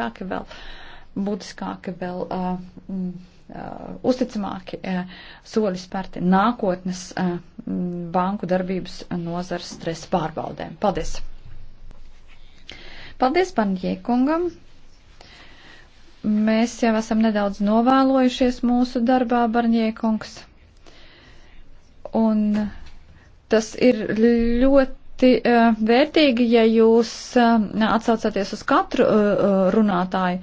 vairāki vēl būtiskāki, vēl uh, uh, uzticamāki uh, soļi spērti nākotnes uh, banku darbības nozars stresa pārbaudēm. Paldies! Paldies, Panjiekungam! Mēs jau esam nedaudz novēlojušies mūsu darbā, Barņiekungs. Un tas ir ļoti ļoti uh, vērtīgi, ja jūs uh, atsaucaties uz katru uh, runātāju,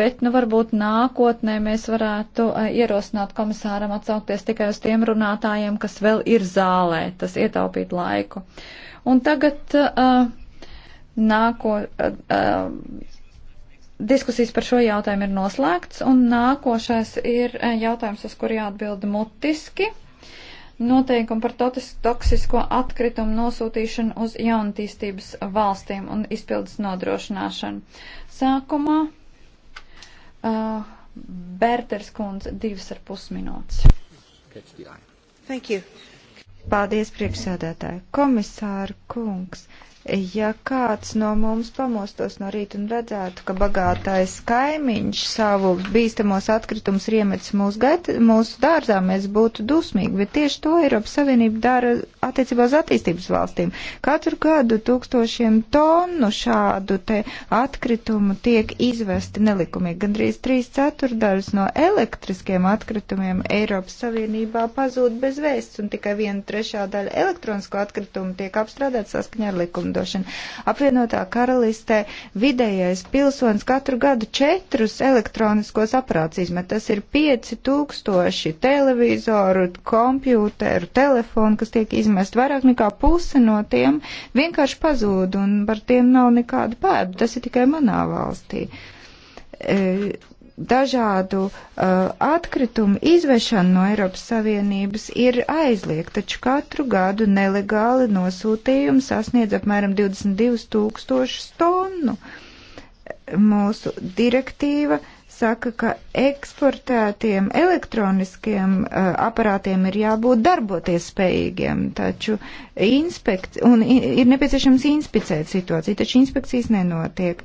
bet nu, varbūt nākotnē mēs varētu uh, ierosināt komisāram atsaukties tikai uz tiem runātājiem, kas vēl ir zālē, tas ietaupīt laiku. Un tagad uh, nāko. Uh, uh, diskusijas par šo jautājumu ir noslēgts, un nākošais ir jautājums, uz kuru jāatbild mutiski noteikumi par toksisko atkritumu nosūtīšanu uz jaunatīstības valstīm un izpildes nodrošināšanu. Sākumā uh, Bērters kundze divas ar pus minūtes. Thank you. Paldies, priekšsēdētāji. Komisāra kungs, Ja kāds no mums pamostos no rīta un redzētu, ka bagātais kaimiņš savu bīstamos atkritumus riemets mūsu, gait, mūsu dārzā, mēs būtu dusmīgi, bet tieši to Eiropas Savienība dara attiecībā uz attīstības valstīm. Katru gadu tūkstošiem tonu šādu te atkritumu tiek izvesti nelikumīgi. Gandrīz trīs ceturdaļas no elektriskiem atkritumiem Eiropas Savienībā pazūd bez vēsts, un tikai viena trešā daļa elektronisko atkritumu tiek apstrādāt saskaņā ar likumu likumdošanu. Apvienotā karalistē vidējais pilsonis katru gadu četrus elektroniskos aparātus izmet. Tas ir 5000 televizoru, kompjūteru, telefonu, kas tiek izmest. Vairāk nekā puse no tiem vienkārši pazūd un par tiem nav nekāda pēda. Tas ir tikai manā valstī. E, dažādu uh, atkritumu izvešana no Eiropas Savienības ir aizliegta, taču katru gadu nelegāli nosūtījumi sasniedz apmēram 22 tūkstošus tonnu. Mūsu direktīva uh, saka, ka eksportētiem elektroniskiem uh, aparātiem ir jābūt darboties spējīgiem, taču inspekt, un ir nepieciešams inspicēt situāciju, taču inspekcijas nenotiek.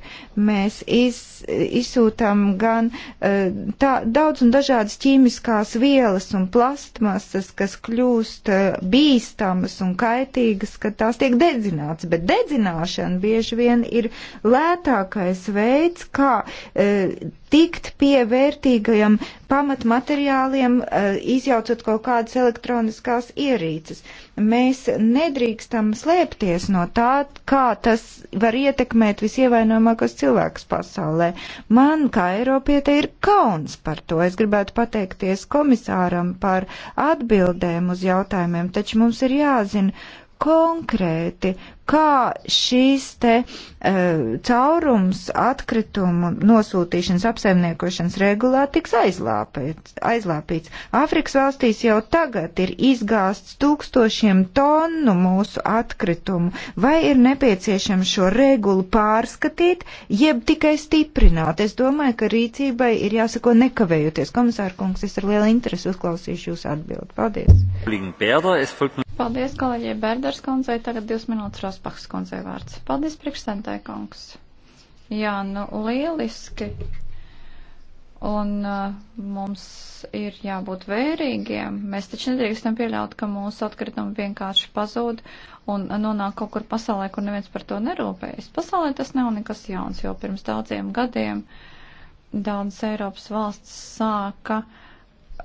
Mēs iz, izsūtam gan uh, tā, daudz un dažādas ķīmiskās vielas un plastmasas, kas kļūst uh, bīstamas un kaitīgas, kad tās tiek dedzināts, bet dedzināšana bieži vien ir lētākais veids, kā uh, tikt pie vērtīgajiem pamatmateriāliem, eh, izjaucot kaut kādas elektroniskās ierīces. Mēs nedrīkstam slēpties no tā, kā tas var ietekmēt visievainojamākos cilvēkus pasaulē. Man, kā Eiropietē, ir kauns par to. Es gribētu pateikties komisāram par atbildēm uz jautājumiem, taču mums ir jāzina konkrēti, kā šīs te uh, caurums atkritumu nosūtīšanas apsaimniekošanas regulā tiks aizlāpēts, aizlāpīts. Āfrikas valstīs jau tagad ir izgāsts tūkstošiem tonu mūsu atkritumu. Vai ir nepieciešams šo regulu pārskatīt, jeb tikai stiprināt? Es domāju, ka rīcībai ir jāsako nekavējoties. Komisāra kungs, es ar lielu interesi uzklausīšu jūsu atbildi. Paldies! Paldies, kolēģi Bērderskundze, tagad divas minūtes. Rosbachs kundzei vārds. Paldies, priekšsēdētāji kungs. Jā, nu lieliski. Un uh, mums ir jābūt vērīgiem. Mēs taču nedrīkstam pieļaut, ka mūsu atkritumi vienkārši pazūd un nonāk kaut kur pasaulē, kur neviens par to nerūpējas. Pasaulē tas nav nekas jauns, jo pirms daudziem gadiem daudzas Eiropas valsts sāka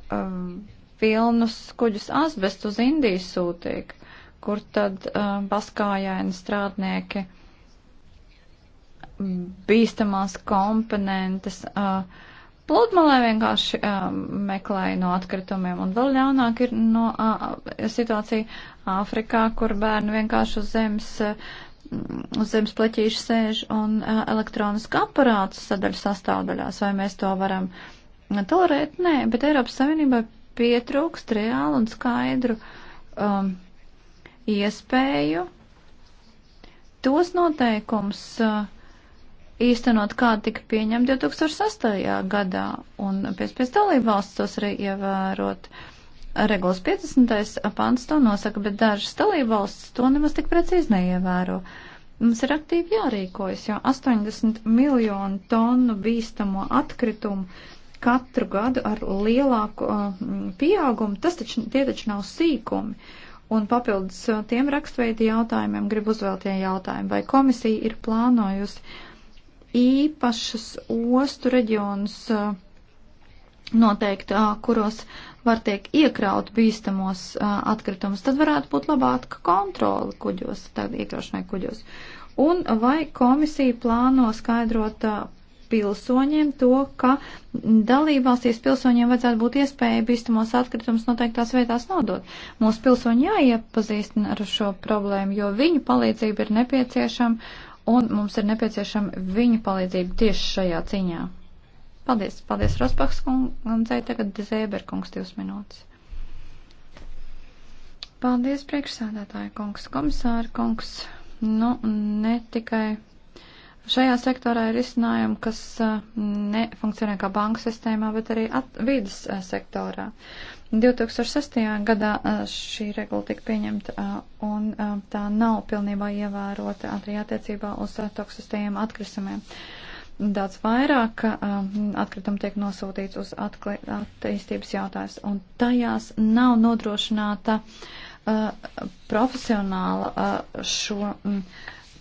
um, pilnus kuģus asbestu uz Indiju sūtīt. Uh, kur tad uh, baskājaini strādnieki bīstamās komponentes uh, pludmalē vienkārši uh, meklēja no atkritumiem. Un vēl ļaunāk ir no uh, situācija Āfrikā, kur bērni vienkārši uz zemes. Uh, Uz zemes pleķīša sēž un uh, elektroniska aparāta sadaļa sastāvdaļās. Vai mēs to varam tolerēt? Nē, bet Eiropas Savienībai pietrūkst reālu un skaidru um, iespēju tos noteikums uh, īstenot, kā tika pieņemti 2008. gadā, un pēc pēc dalību valsts tos arī ievērot. Regulas 50. pants to nosaka, bet dažas dalību valsts to nemaz tik precīzi neievēro. Mums ir aktīvi jārīkojas, jo 80 miljonu tonu bīstamo atkritumu katru gadu ar lielāku uh, pieaugumu, tas taču, tie taču nav sīkumi. Uh, Un papildus uh, tiem rakstveidi jautājumiem gribu uzvēl tie jautājumi, vai komisija ir plānojusi īpašas ostu reģionus uh, noteikt, uh, kuros var tiek iekraut bīstamos atkritumus, tad varētu būt labāka kontrola kuģos, tad iekļaušanai kuģos. Un vai komisija plāno skaidrot pilsoņiem to, ka dalībvalstīs pilsoņiem vajadzētu būt iespēja bīstamos atkritumus noteiktās vietās nodot. Mūsu pilsoņi jāiepazīstina ar šo problēmu, jo viņu palīdzība ir nepieciešama un mums ir nepieciešama viņa palīdzība tieši šajā ciņā. Paldies, paldies Rospaks kundzei, tagad Zēber kungs divas minūtes. Paldies priekšsādātāja kungs, komisāra kungs. Nu, ne tikai Šajā sektorā ir izcinājumi, kas eh, nefunkcionē kā banku sistēmā, bet arī vidas eh, sektorā. 2006. gadā eh, šī regula tika pieņemta un tā nav pilnībā ievērota arī attiecībā uz toksistajiem atkritumiem. Daudz vairāk atkritumu tiek nosūtīts uz attīstības jautājums un tajās nav nodrošināta profesionāla šo mm,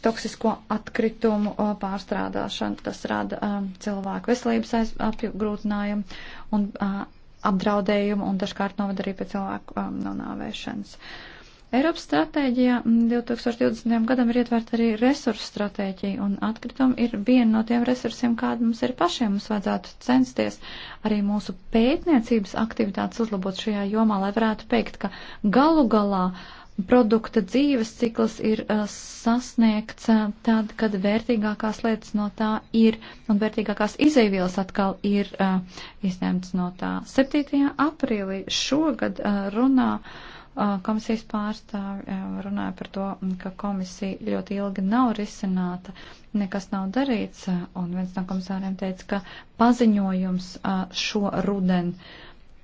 toksisko atkritumu uh, pārstrādāšanu. Tas rada um, cilvēku veselības apgrūtinājumu un uh, apdraudējumu un dažkārt novada arī pie cilvēku um, nonāvēšanas. Eiropas stratēģijā 2020. Mm, gadam ir ietverta arī resursu stratēģija, un atkritumi ir viena no tiem resursiem, kādu mums ir pašiem. Mums vajadzētu censties arī mūsu pētniecības aktivitātes uzlabot šajā jomā, lai varētu teikt, ka galu galā uh, produkta dzīves cikls ir uh, sasniegts uh, tad, kad vērtīgākās lietas no tā ir un vērtīgākās izaivielas atkal ir uh, izņemts no tā. 7. aprīlī šogad uh, runā. Uh, komisijas pārstāvi uh, runāja par to, mm, ka komisija ļoti ilgi nav risināta, nekas nav darīts, uh, un viens no komisāriem teica, ka paziņojums uh, šo rudenu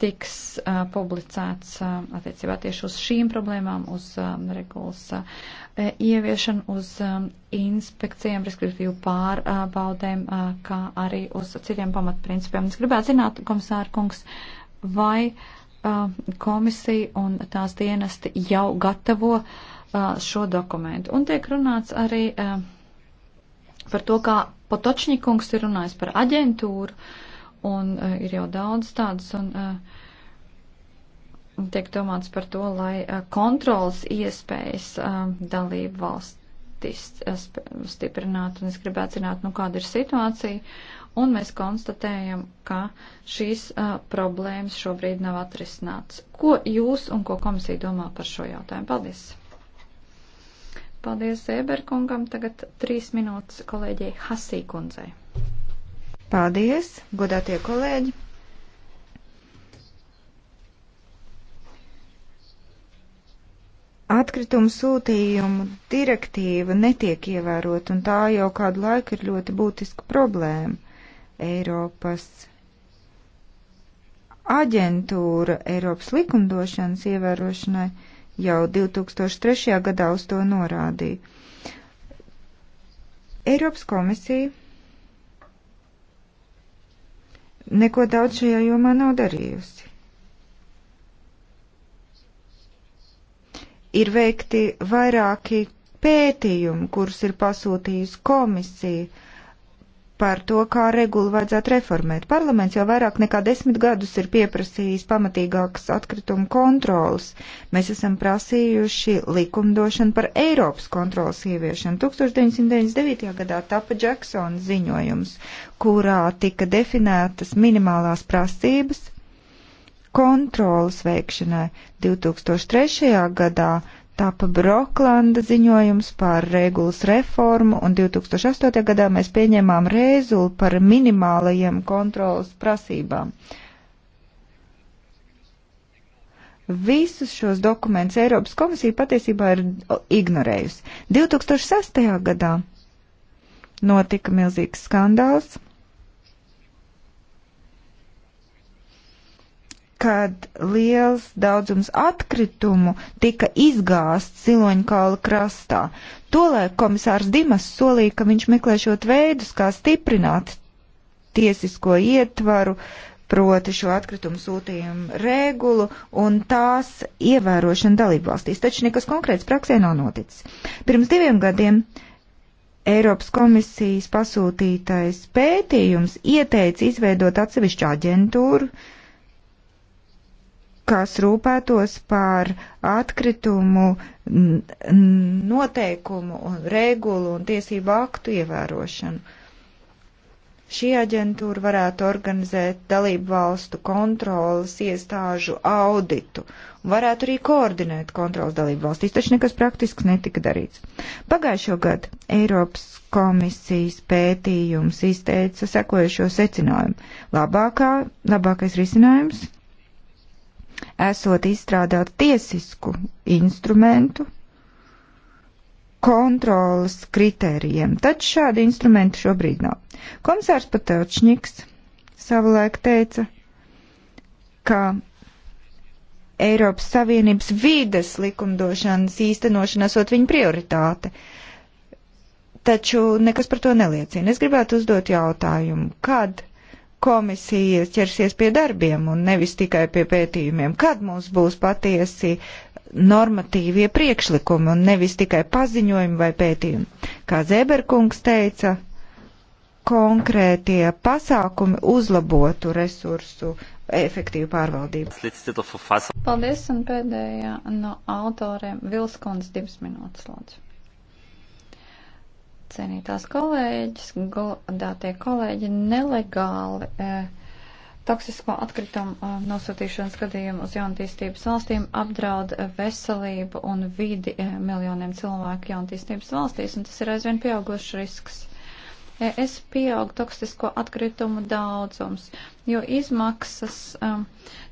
tiks uh, publicēts uh, attiecībā tieši uz šīm problēmām, uz um, regulas uh, ieviešanu, uz um, inspekcijām, respektīvi pārbaudēm, uh, uh, kā arī uz citiem pamatprincipiem. Es gribētu zināt, komisāra kungs, vai uh, komisija un tās dienesti jau gatavo uh, šo dokumentu. Un tiek runāts arī uh, par to, kā Potočņikungs ir runājis par aģentūru. Uh, un uh, ir jau daudz tādas, un uh, tiek domāts par to, lai uh, kontrols iespējas uh, dalību valstis uh, stiprinātu, un es gribētu zināt, nu kāda ir situācija, un mēs konstatējam, ka šīs uh, problēmas šobrīd nav atrisināts. Ko jūs un ko komisija domā par šo jautājumu? Paldies! Paldies Eberkungam, tagad trīs minūtes kolēģei Hasī kundzei. Paldies, godātie kolēģi! Atkritumu sūtījumu direktīva netiek ievērot, un tā jau kādu laiku ir ļoti būtiska problēma. Eiropas aģentūra Eiropas likumdošanas ievērošanai jau 2003. gadā uz to norādīja. Eiropas komisija neko daudz šajā jomā nav darījusi. Ir veikti vairāki pētījumi, kurus ir pasūtījusi komisija par to, kā regulu vajadzētu reformēt. Parlaments jau vairāk nekā desmit gadus ir pieprasījis pamatīgākas atkritumu kontrolas. Mēs esam prasījuši likumdošanu par Eiropas kontrolas ieviešanu. 1999. gadā tapa Džeksona ziņojums, kurā tika definētas minimālās prasības kontrolas veikšanai. 2003. gadā Tāpa Broklanda ziņojums par regulas reformu, un 2008. gadā mēs pieņēmām rēzulu par minimālajiem kontrolas prasībām. Visus šos dokumentus Eiropas komisija patiesībā ir ignorējusi. 2006. gadā notika milzīgs skandāls kad liels daudzums atkritumu tika izgāsts Ziloņkāla krastā. Tolēk komisārs Dimas solīja, ka viņš meklēšot veidus, kā stiprināt tiesisko ietvaru, proti šo atkritumu sūtījumu regulu un tās ievērošanu dalībvalstīs. Taču nekas konkrēts praksē nav noticis. Pirms diviem gadiem Eiropas komisijas pasūtītais pētījums ieteica izveidot atsevišķu aģentūru, uh, kas rūpētos par atkritumu noteikumu un regulu un tiesību aktu ievērošanu. Šī aģentūra varētu organizēt dalību valstu kontrolas iestāžu auditu un varētu arī koordinēt kontrolas dalību valstīs, taču nekas praktisks netika darīts. Pagājušo gadu Eiropas komisijas pētījums izteica sekojušo secinājumu. Labākā, labākais risinājums esot izstrādāt tiesisku instrumentu kontrolas kritērijiem, taču šādi instrumenti šobrīd nav. Komisārs Patočņiks savulaik teica, ka Eiropas Savienības vīdes likumdošanas īstenošana esot viņa prioritāte. Taču nekas par to neliecina. Es gribētu uzdot jautājumu, kad komisija ķersies pie darbiem un nevis tikai pie pētījumiem? Kad mums būs patiesi normatīvie priekšlikumi un nevis tikai paziņojumi vai pētījumi? Kā Zēberkungs teica, konkrētie pasākumi uzlabotu resursu efektīvu pārvaldību. Paldies, un pēdējā no autoriem Vilskons divas minūtes, lūdzu. Cienītās kolēģis, godātie kolēģi, nelegāli eh, toksisko atkritumu eh, nosūtīšanas gadījumu uz jaunatīstības valstīm apdraud veselību un vidi eh, miljoniem cilvēku jaunatīstības valstīs, un tas ir aizvien pieaugošs risks es pieaug toksisko atkritumu daudzums, jo izmaksas um,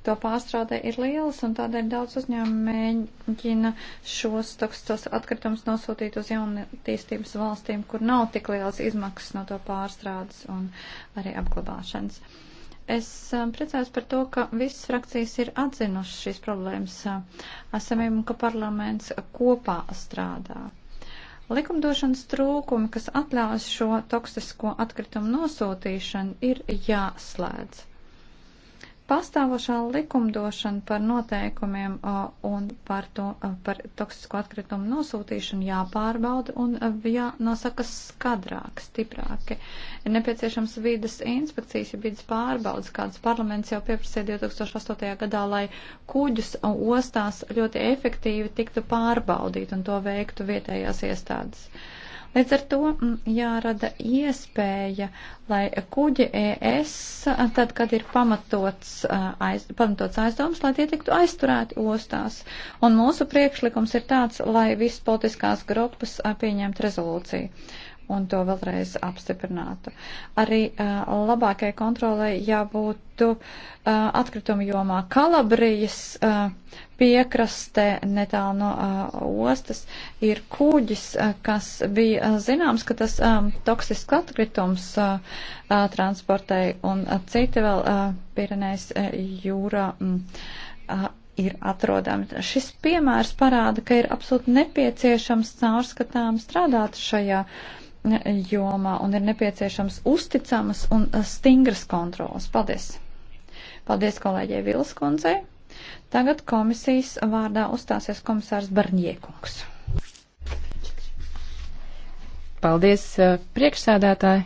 to pārstrādē ir lielas un tādēļ daudz uzņēmumu mēģina šos toksiskos atkritumus nosūtīt uz jaunatīstības valstīm, kur nav tik lielas izmaksas no to pārstrādes un arī apglabāšanas. Es um, priecājos par to, ka visas frakcijas ir atzinušas šīs problēmas esamību un ka parlaments kopā strādā. Likumdošanas trūkumi, kas atļaus šo toksisko atkritumu nosūtīšanu, ir jāslēdz. Pastāvošā likumdošana par noteikumiem un par, to, par toksisko atkritumu nosūtīšanu jāpārbauda un jānosaka skadrāk, stiprāki. Ir nepieciešams vīdas inspekcijas, ja vīdas pārbaudas, kādas parlaments jau pieprasīja 2008. gadā, lai kuģus ostās ļoti efektīvi tiktu pārbaudīt un to veiktu vietējās iestādes. Uh, Līdz ar to mm, jārada iespēja, lai kuģi ES, tad, kad ir pamatots, aiz, pamatots aizdoms, lai tie tiktu aizturēti ostās. Un mūsu priekšlikums ir tāds, lai visas politiskās grupas pieņemtu rezolūciju un to vēlreiz apstiprinātu. Arī uh, labākai kontrolē jābūt uh, atkritumu jomā Kalabrijas uh, piekrastē netālu no uh, ostas ir kuģis, uh, kas bija uh, zināms, ka tas um, toksisks atkritums uh, uh, transportēja un uh, citi vēl uh, Pirenēs uh, jūra. Um, uh, ir atrodami. Šis piemērs parāda, ka ir absolūti nepieciešams caurskatām strādāt šajā uh, jomā un ir nepieciešams uzticamas un stingras kontrolas. Paldies! Paldies kolēģei Vilskundzei. Tagad komisijas vārdā uzstāsies komisārs Barņiekungs. Paldies, priekšsēdētāji!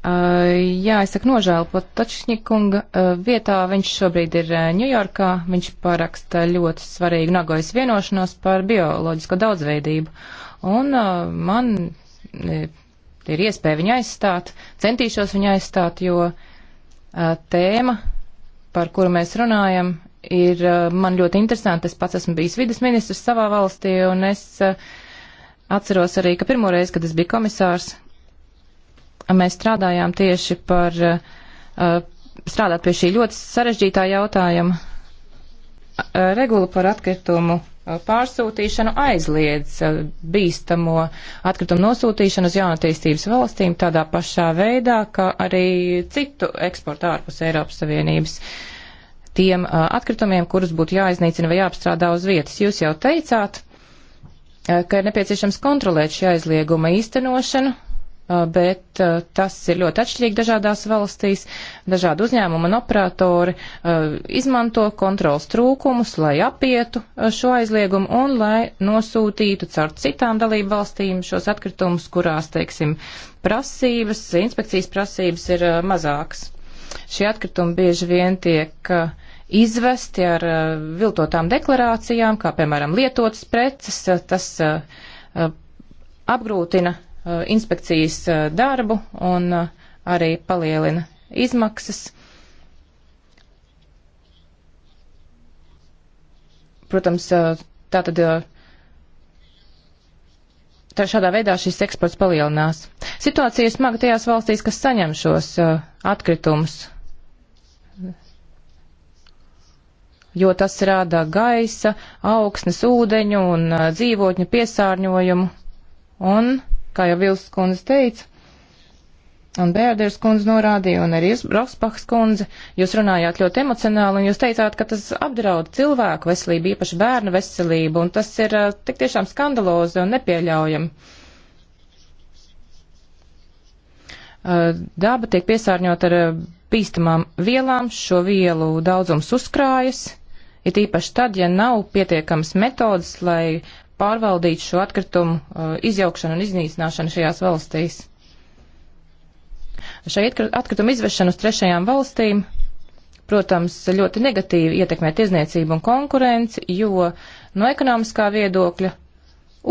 Uh, jā, es saku nožēlu pat Točņikunga uh, vietā. Viņš šobrīd ir Ņujorkā. Uh, viņš paraksta ļoti svarīgu Nagojas vienošanos par bioloģisko daudzveidību un uh, man e, ir iespēja viņu aizstāt, centīšos viņu aizstāt, jo uh, tēma, par kuru mēs runājam, ir uh, man ļoti interesanti. Es pats esmu bijis vidas ministrs savā valstī, un es atceros arī, ka pirmoreiz, kad es biju komisārs, mēs strādājām tieši par strādāt pie šī ļoti sarežģītā jautājuma regula par atkritumu Uh, pārsūtīšanu aizliedz uh, bīstamo atkritumu nosūtīšanu uz jaunatīstības valstīm tādā pašā veidā, kā arī citu eksportu ārpus Eiropas Savienības tiem uh, atkritumiem, kurus būtu jāiznīcina vai jāapstrādā uz vietas. Jūs jau teicāt, ka ir nepieciešams kontrolēt šī aizlieguma īstenošanu, Uh, bet uh, tas ir ļoti atšķirīgi dažādās valstīs. Dažādi uzņēmumi un operatori uh, izmanto kontrols trūkumus, lai apietu šo aizliegumu un lai nosūtītu caur citām dalību valstīm šos atkritumus, kurās, teiksim, prasības, inspekcijas prasības ir mazākas. Šie atkritumi bieži vien tiek izvesti ar viltotām deklarācijām, kā piemēram lietotas preces, tas apgrūtina Eh, inspekcijas eh, darbu un eh, arī palielina izmaksas. Protams, tātad tā šādā veidā šis eksports palielinās. Situācija ir smaga tajās valstīs, kas saņem šos atkritumus, jo tas rada gaisa, augsnes, ūdeņu un dzīvotņu piesārņojumu. Un kā jau Vils skundze teica, un Bērders skundze norādīja, un arī Rosbachs skundze, jūs runājāt ļoti emocionāli, un jūs teicāt, ka tas apdraud cilvēku veselību, īpaši bērnu veselību, un tas ir eh, tik tiešām skandalozi un nepieļaujami. Eh, daba tiek piesārņota ar eh, bīstamām vielām, šo vielu daudzums uzkrājas, it īpaši tad, ja nav pietiekams metodas, lai pārvaldīt šo atkritumu uh, izjaukšanu un iznīcināšanu šajās valstīs. Šai atkritumu izvešanu uz trešajām valstīm, protams, ļoti negatīvi ietekmē tirzniecību un konkurenci, jo no ekonomiskā viedokļa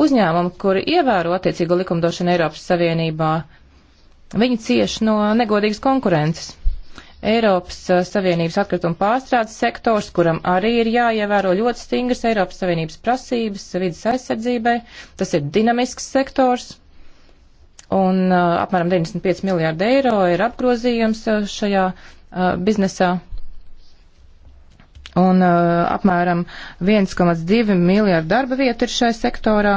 uzņēmumi, kuri ievēro attiecīgo likumdošanu Eiropas Savienībā, viņi cieš no negodīgas konkurences. Eiropas uh, Savienības atkrituma pārstrādes sektors, kuram arī ir jāievēro ļoti stingras Eiropas Savienības prasības vidas aizsardzībai. Tas ir dinamisks sektors, un uh, apmēram 95 miljārdi eiro ir apgrozījums uh, šajā uh, biznesā. Un uh, apmēram 1,2 miljārdu darba vietu ir šajā sektorā.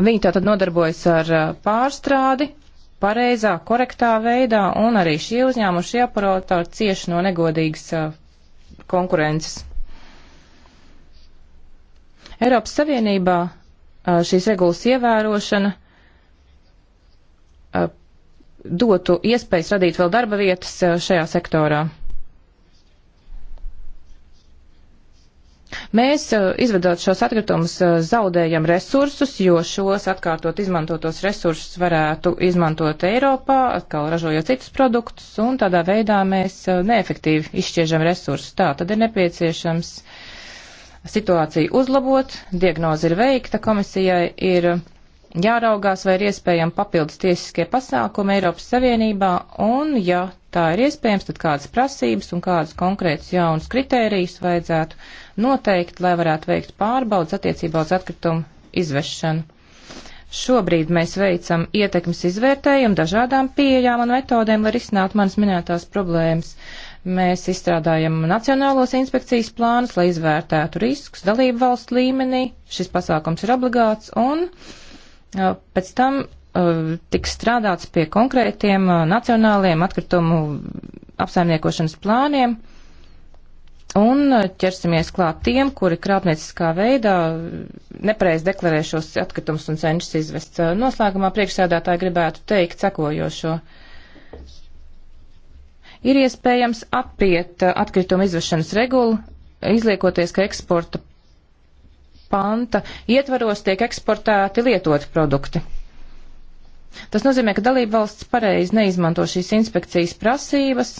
Viņi tātad nodarbojas ar uh, pārstrādi, pareizā, korektā veidā, un arī šie uzņēmumi, šie operatori cieši no negodīgas uh, konkurences. Eiropas Savienībā uh, šīs regulas ievērošana uh, dotu iespējas radīt vēl darba vietas uh, šajā sektorā. Mēs, eh, izvedot šos atkritumus, eh, zaudējam resursus, jo šos atkārtot izmantotos resursus varētu izmantot Eiropā, atkal ražojot citus produktus, un tādā veidā mēs eh, neefektīvi izšķiežam resursus. Tā tad ir nepieciešams situāciju uzlabot, diagnoze ir veikta, komisijai ir jāraugās, vai ir iespējami papildus tiesiskie pasākumi Eiropas Savienībā, un ja tā ir iespējams, tad kādas prasības un kādas konkrētas jaunas kritērijas vajadzētu noteikt, lai varētu veikt pārbaudas attiecībā uz atkritumu izvešanu. Šobrīd mēs veicam ietekmes izvērtējumu dažādām pieejām un metodēm, lai risinātu manas minētās problēmas. Mēs izstrādājam nacionālos inspekcijas plānus, lai izvērtētu riskus dalību valstu līmenī. Šis pasākums ir obligāts un pēc tam Uh, tiks strādāts pie konkrētiem uh, nacionāliem atkritumu apsaimniekošanas plāniem un uh, ķersimies klāt tiem, kuri krāpnieciskā veidā nepareiz deklarē šos atkritumus un cenšas izvest. Noslēgumā priekšsēdētāji gribētu teikt sekojošo. Ir iespējams apiet atkritumu izvešanas regulu, izliekoties, ka eksporta panta ietvaros tiek eksportēti lietoti produkti. Tas nozīmē, ka dalība valsts pareizi neizmanto šīs inspekcijas prasības,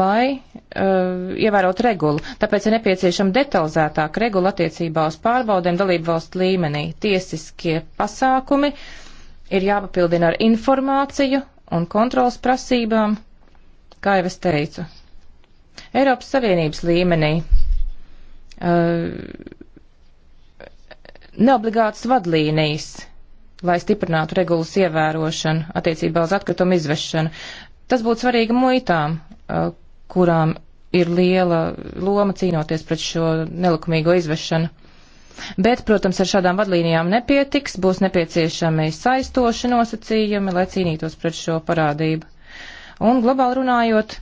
lai uh, ievērot regulu. Tāpēc ir nepieciešama detalizētāka regula attiecībā uz pārbaudēm dalību valstu līmenī. Tiesiskie pasākumi ir jāpapildina ar informāciju un kontrolas prasībām, kā jau es teicu. Eiropas Savienības līmenī uh, neobligātas vadlīnijas lai stiprinātu regulas ievērošanu attiecībā uz atkritumu izvešanu. Tas būtu svarīgi muitām, kurām ir liela loma cīnoties pret šo nelikumīgo izvešanu. Bet, protams, ar šādām vadlīnijām nepietiks, būs nepieciešami saistoši nosacījumi, lai cīnītos pret šo parādību. Un globāli runājot,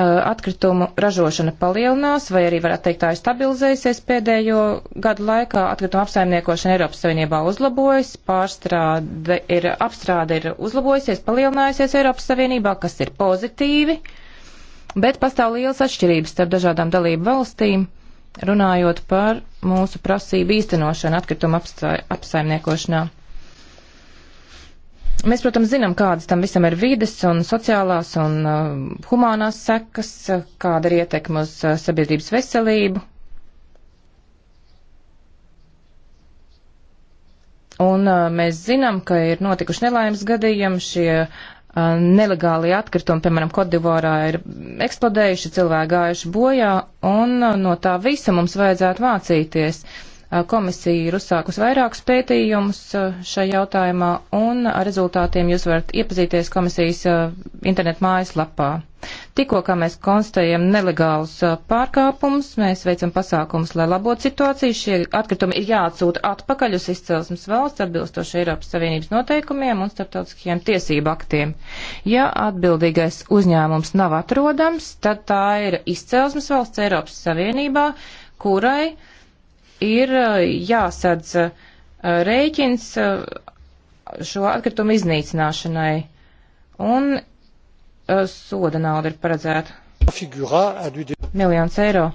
atkritumu ražošana palielinās, vai arī varētu teikt tā ir stabilizējusies pēdējo gadu laikā. Atkrituma apsaimniekošana Eiropas Savienībā uzlabojas, pārstrāde ir, apstrāde ir uzlabojusies, palielinājusies Eiropas Savienībā, kas ir pozitīvi, bet pastāv liels atšķirības starp dažādām dalību valstīm, runājot par mūsu prasību īstenošanu atkrituma apsaimniekošanā. Mēs, protams, zinām, kādas tam visam ir vides un sociālās un uh, humānās sekas, kāda ir ietekme uz uh, sabiedrības veselību. Un uh, mēs zinām, ka ir notikuši nelaimes gadījumi, šie uh, nelegālie atkritumi, piemēram, Kodivorā ir eksplodējuši, cilvēki gājuši bojā, un uh, no tā visa mums vajadzētu mācīties. Uh, Komisija ir uzsākus vairākus pētījumus šai jautājumā, un ar rezultātiem jūs varat iepazīties komisijas internetu mājaslapā. Tikko, kā mēs konstatējam nelegālus pārkāpumus, mēs veicam pasākumus, lai labotu situāciju. Šie atkritumi ir jāatsūta atpakaļ uz izcelsmes valsts atbilstoši Eiropas Savienības noteikumiem un starptautiskajiem tiesību aktiem. Ja atbildīgais uzņēmums nav atrodams, tad tā ir izcelsmes valsts Eiropas Savienībā, kurai uh, ir jāsadz rēķins šo atkritumu iznīcināšanai, un soda nauda ir paredzēta. Miljons eiro.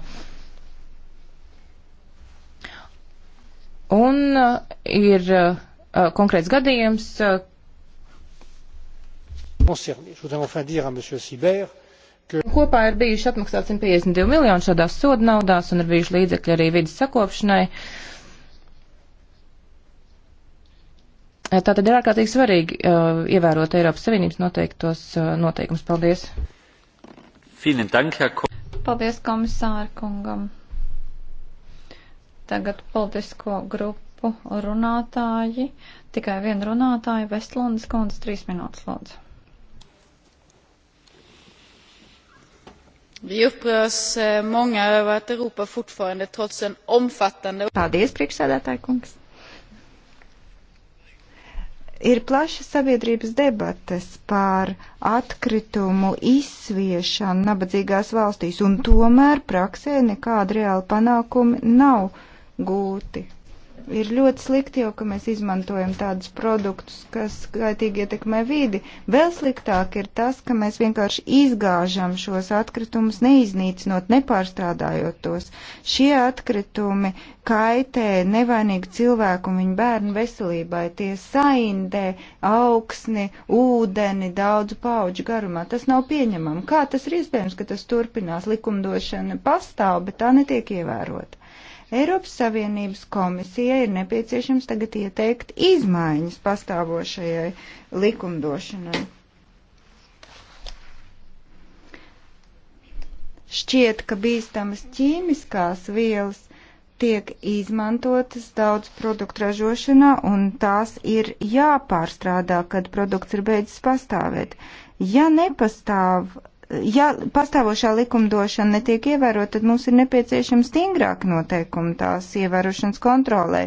Un ir konkrēts gadījums. Concerné. Je voudrais enfin dire à M. Sibert ka... Kopā ir bijuši atmaksāti 152 miljoni šādās soda naudās un ir bijuši līdzekļi arī vidas sakopšanai. Tātad ir ārkārtīgi svarīgi uh, ievērot Eiropas Savienības noteiktos uh, noteikumus. Paldies! Paldies komisāra kungam! Tagad politisko grupu runātāji, tikai viena runātāja, Vestlundas kundze, trīs minūtes lūdzu. Vi upprörs eh, många över att Europa fortfarande trots en omfattande. Paldies, priekšsēdētāji kungs! ir plašas sabiedrības debates pār atkritumu izsviešanu nabadzīgās valstīs, un tomēr praksē nekāda reāla panākuma nav gūti. Ir ļoti slikti jau, ka mēs izmantojam tādus produktus, kas kaitīgi ietekmē vidi. Vēl sliktāk ir tas, ka mēs vienkārši izgāžam šos atkritumus, neiznīcinot, nepārstrādājot tos. Šie atkritumi kaitē nevainīgu cilvēku un viņu bērnu veselībai. Tie saindē augsni, ūdeni daudzu pauģu garumā. Tas nav pieņemam. Kā tas ir iespējams, ka tas turpinās likumdošana pastāv, bet tā netiek ievērota? Eiropas Savienības komisijai ir nepieciešams tagad ieteikt izmaiņas pastāvošajai likumdošanai. Šķiet, ka bīstamas ķīmiskās vielas tiek izmantotas daudz produktu ražošanā, un tās ir jāpārstrādā, kad produkts ir beidzis pastāvēt. Ja nepastāv ja pastāvošā likumdošana netiek ievērota, tad mums ir nepieciešama stingrāka noteikuma tās ievērošanas kontrolē.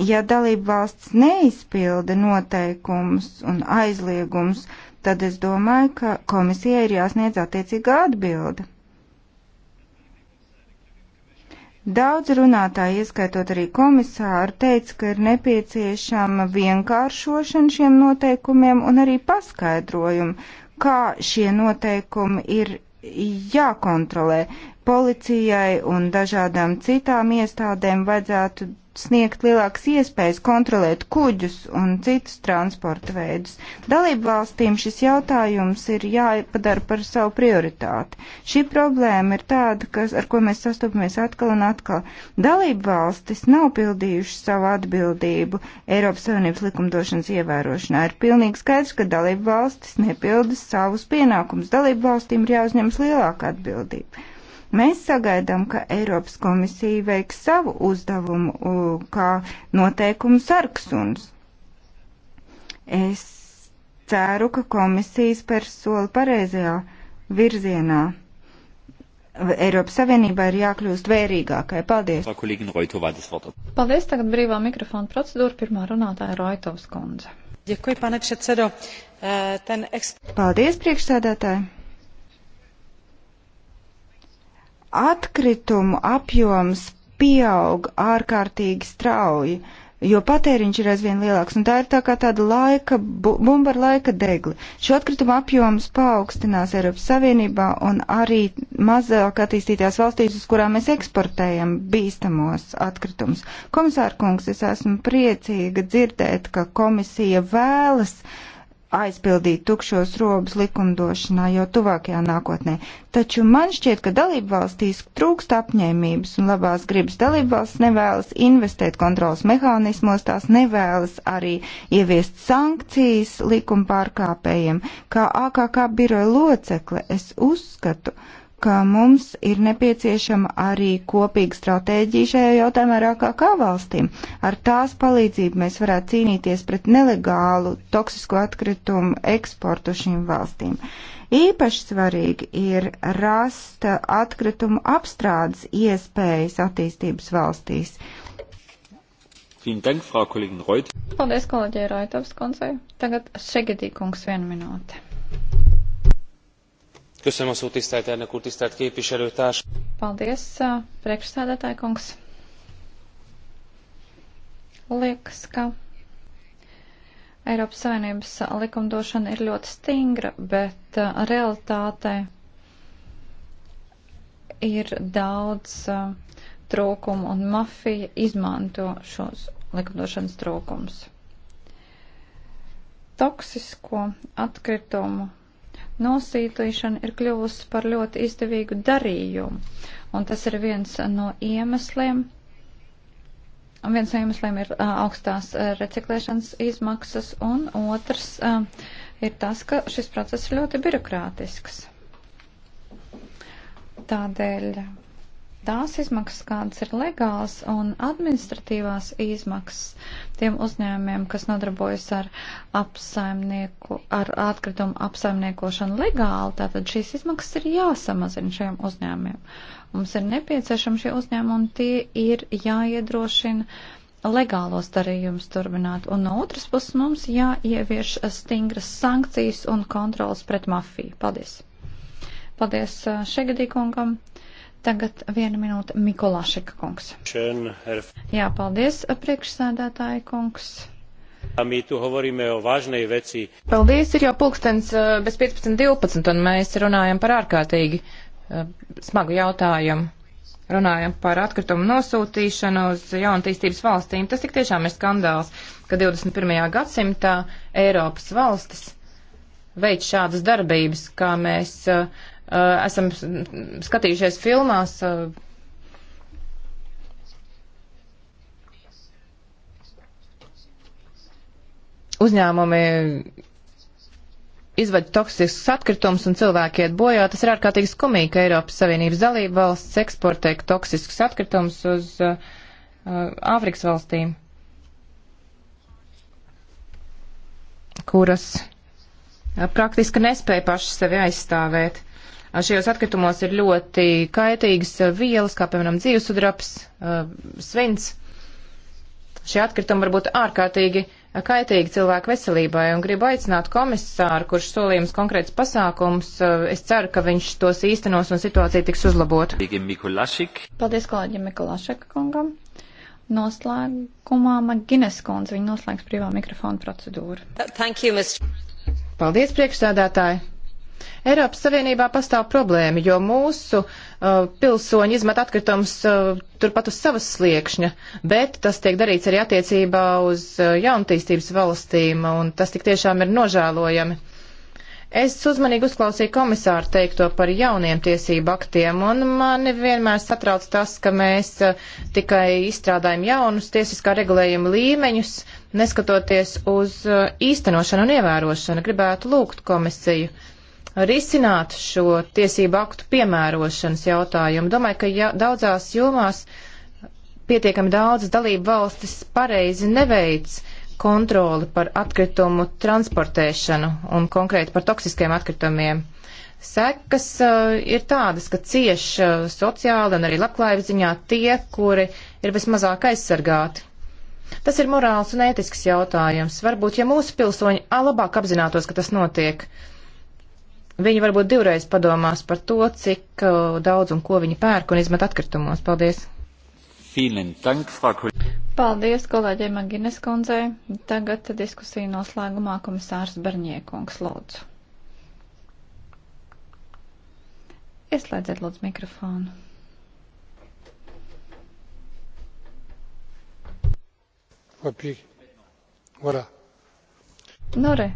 Ja dalība valsts neizpilda noteikumus un aizliegumus, tad es domāju, ka komisijai ir jāsniedz attiecīgā atbilde. Daudz runātāji, ieskaitot arī komisāru, teica, ka ir nepieciešama vienkāršošana šiem noteikumiem un arī paskaidrojumi, kā šie noteikumi ir jākontrolē. Policijai un dažādām citām iestādēm vajadzētu sniegt lielākas iespējas kontrolēt kuģus un citus transporta veidus. Dalību valstīm šis jautājums ir jāpadara par savu prioritāti. Šī problēma ir tāda, kas, ar ko mēs sastopamies atkal un atkal. Dalību valstis nav pildījuši savu atbildību Eiropas Savienības likumdošanas ievērošanā. Ir pilnīgi skaidrs, ka dalību valstis nepildas savus pienākumus. Dalību valstīm ir jāuzņemas lielāka atbildība Mēs sagaidām, ka Eiropas komisija veiks savu uzdevumu kā noteikumu sarksuns. Es ceru, ka komisijas par soli pareizajā virzienā. Eiropas Savienībā ir jākļūst vērīgākai. Paldies! Paldies! Tagad brīvā mikrofona procedūra. Pirmā runātāja Roitovs kundze. E, Paldies, priekšsēdētāji! Atkritumu apjoms pieaug ārkārtīgi strauji, jo patēriņš ir aizvien lielāks, un tā ir tā kā tāda laika, bu, bumba ar laika degli. Šo atkritumu apjoms paaugstinās Eiropas Savienībā un arī mazāk attīstītās valstīs, uz kurām mēs eksportējam bīstamos atkritumus. Komisārkungs, es esmu priecīga dzirdēt, ka komisija vēlas uh, aizpildīt tukšos robus likumdošanā jau tuvākajā nākotnē. Taču man šķiet, ka dalību valstīs trūkst apņēmības un labās gribas. Dalību valsts nevēlas investēt kontrols mehānismos, tās nevēlas arī ieviest sankcijas likuma pārkāpējiem. Kā AKK biroja locekle, es uzskatu, uh, ka mums ir nepieciešama arī kopīga stratēģija šajā jautājumā ar AKK valstīm. Ar tās palīdzību mēs varētu cīnīties pret nelegālu toksisko atkritumu eksportu šīm valstīm. Īpaši svarīgi ir rast atkritumu apstrādes iespējas attīstības valstīs. Paldies, kolēģei Raitovs koncei. Tagad Šegedī kungs vienu minūti tisztelt elnök úr, tisztelt képviselőtárs! Paldies, priekšsēdētāji kungs! Liekas, ka Eiropas Savienības likumdošana ir ļoti stingra, bet realitātē ir daudz trūkumu un mafija izmanto šos likumdošanas trūkumus. Toksisko atkritumu nosītīšana ir kļuvusi par ļoti izdevīgu darījumu. Un tas ir viens no iemesliem. Un viens no iemesliem ir uh, augstās uh, reciklēšanas izmaksas, un otrs uh, ir tas, ka šis process ir ļoti birokrātisks. Tādēļ tās izmaksas, kādas ir legālas un administratīvās izmaksas tiem uzņēmumiem, kas nodarbojas ar, ar atkritumu apsaimniekošanu legāli, tātad šīs izmaksas ir jāsamazina šiem uzņēmumiem. Mums ir nepieciešami šie uzņēmumi un tie ir jāiedrošina legālos darījumus turpināt, un no otras puses mums jāievieš stingras sankcijas un kontrolas pret mafiju. Paldies! Paldies eh, Šegadīkungam! Tagad viena minūte Mikolašika kungs. Jā, paldies, priekšsēdētāja kungs. A my tu hovoríme o vážnej veci. Paldies, ir jau pulkstens eh, bez 15.12, un mēs runājam par ārkārtīgi eh, smagu jautājumu. Runājam par atkritumu nosūtīšanu uz jaunatīstības valstīm. Tas tik tiešām ir skandāls, ka 21. gadsimtā Eiropas valstis veic šādas darbības, kā mēs uh, Eh, esam skatījušies filmās. Eh, uzņēmumi izvaļ toksiskus atkritumus un cilvēki iet bojā. Tas ir ārkārtīgi skumīgi, ka Eiropas Savienības dalība valsts eksportē toksiskus atkritumus uz eh, Āfrikas uh, valstīm, kuras uh, praktiski nespēja paši sevi aizstāvēt. Šajos atkritumos ir ļoti kaitīgas vielas, kā piemēram dzīvesudraps, eh, svins. Šie atkritumi var būt ārkārtīgi kaitīgi cilvēku veselībai un gribu aicināt komisāru, kurš solījums konkrēts pasākums. Eh, es ceru, ka viņš tos īstenos un situācija tiks uzlabota. Paldies kolēģiem Mikulašek kungam. Noslēgumā Magines kundze, viņa noslēgs privā mikrofona procedūru. Thank you, Mr. Paldies, priekšsēdētāji! Eiropas Savienībā pastāv problēma, jo mūsu uh, pilsoņi izmet atkritumus uh, turpat uz savas sliekšņa, bet tas tiek darīts arī attiecībā uz uh, jauntīstības valstīm, un tas tik tiešām ir nožēlojami. Es uzmanīgi uzklausīju komisāru teikto par jauniem tiesību aktiem, un mani vienmēr satrauc tas, ka mēs uh, tikai izstrādājam jaunus tiesiskā regulējuma līmeņus, neskatoties uz uh, īstenošanu un ievērošanu. Gribētu lūgt komisiju uh, risināt šo tiesību aktu piemērošanas jautājumu. Domāju, ka ja, daudzās jomās pietiekami daudz dalību valstis pareizi neveic kontroli par atkritumu transportēšanu un konkrēti par toksiskiem atkritumiem. Sekas uh, ir tādas, ka cieši uh, sociāli un arī labklājības ziņā tie, kuri ir vismazāk aizsargāti. Tas ir morāls un ētisks jautājums. Varbūt, ja mūsu pilsoņi labāk apzinātos, ka tas notiek, uh, viņi varbūt divreiz padomās par to, cik uh, daudz un ko viņi pērk un izmet atkritumos. Paldies! Paldies kolēģiem Agines kundzei. Tagad diskusija noslēgumā komisārs Barņiekungs lūdzu. Ieslēdziet lūdzu mikrofonu. Voilà. Nu re,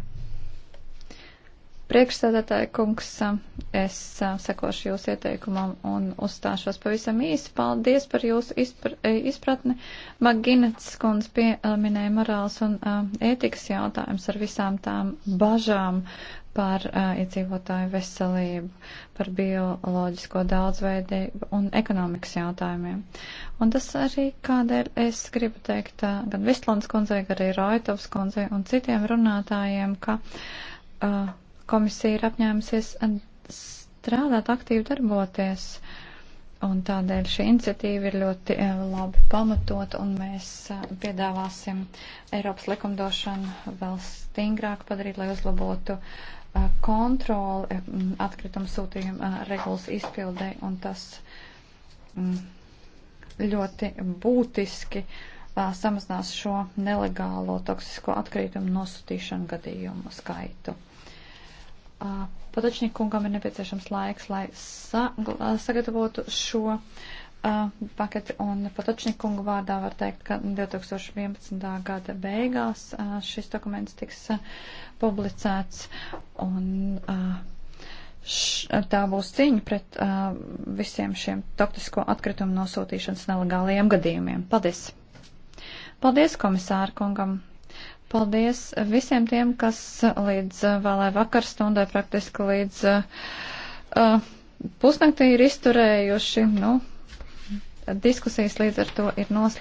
Priekšstādātāja kungs, es sekošu jūsu ieteikumam un uzstāšos pavisam īsi. Paldies par jūsu izpr e, izpratni. Maginets kundz pieminēja morāls un ētikas jautājums ar visām tām bažām par uh, iedzīvotāju veselību, par bioloģisko daudzveidību un ekonomikas jautājumiem. Un tas arī kādēļ es gribu teikt uh, gan Vistlands kundzei, gan arī Raitovs kundzei un citiem runātājiem, ka uh, Komisija ir apņēmusies strādāt, aktīvi darboties, un tādēļ šī iniciatīva ir ļoti eh, labi pamatota, un mēs eh, piedāvāsim Eiropas likumdošanu vēl stingrāk padarīt, lai uzlabotu eh, kontroli atkritumu sūtījumu regulas izpildē, un tas ļoti būtiski samazinās šo nelegālo toksisko atkritumu nosūtīšanu gadījumu skaitu. Patočnikungam ir nepieciešams laiks, lai sa sagatavotu šo uh, paketi, un Patočnikungu vārdā var teikt, ka 2011. gada beigās uh, šis dokuments tiks uh, publicēts, un š, tā būs cīņa pret visiem šiem toksisko atkritumu nosūtīšanas nelegālajiem gadījumiem. Paldies! Paldies komisāru kungam! Paldies visiem tiem, kas līdz eh, vēlē vakarstundai, praktiski līdz uh, pusnaktī ir izturējuši. Nu, diskusijas līdz ar to ir noslēgts.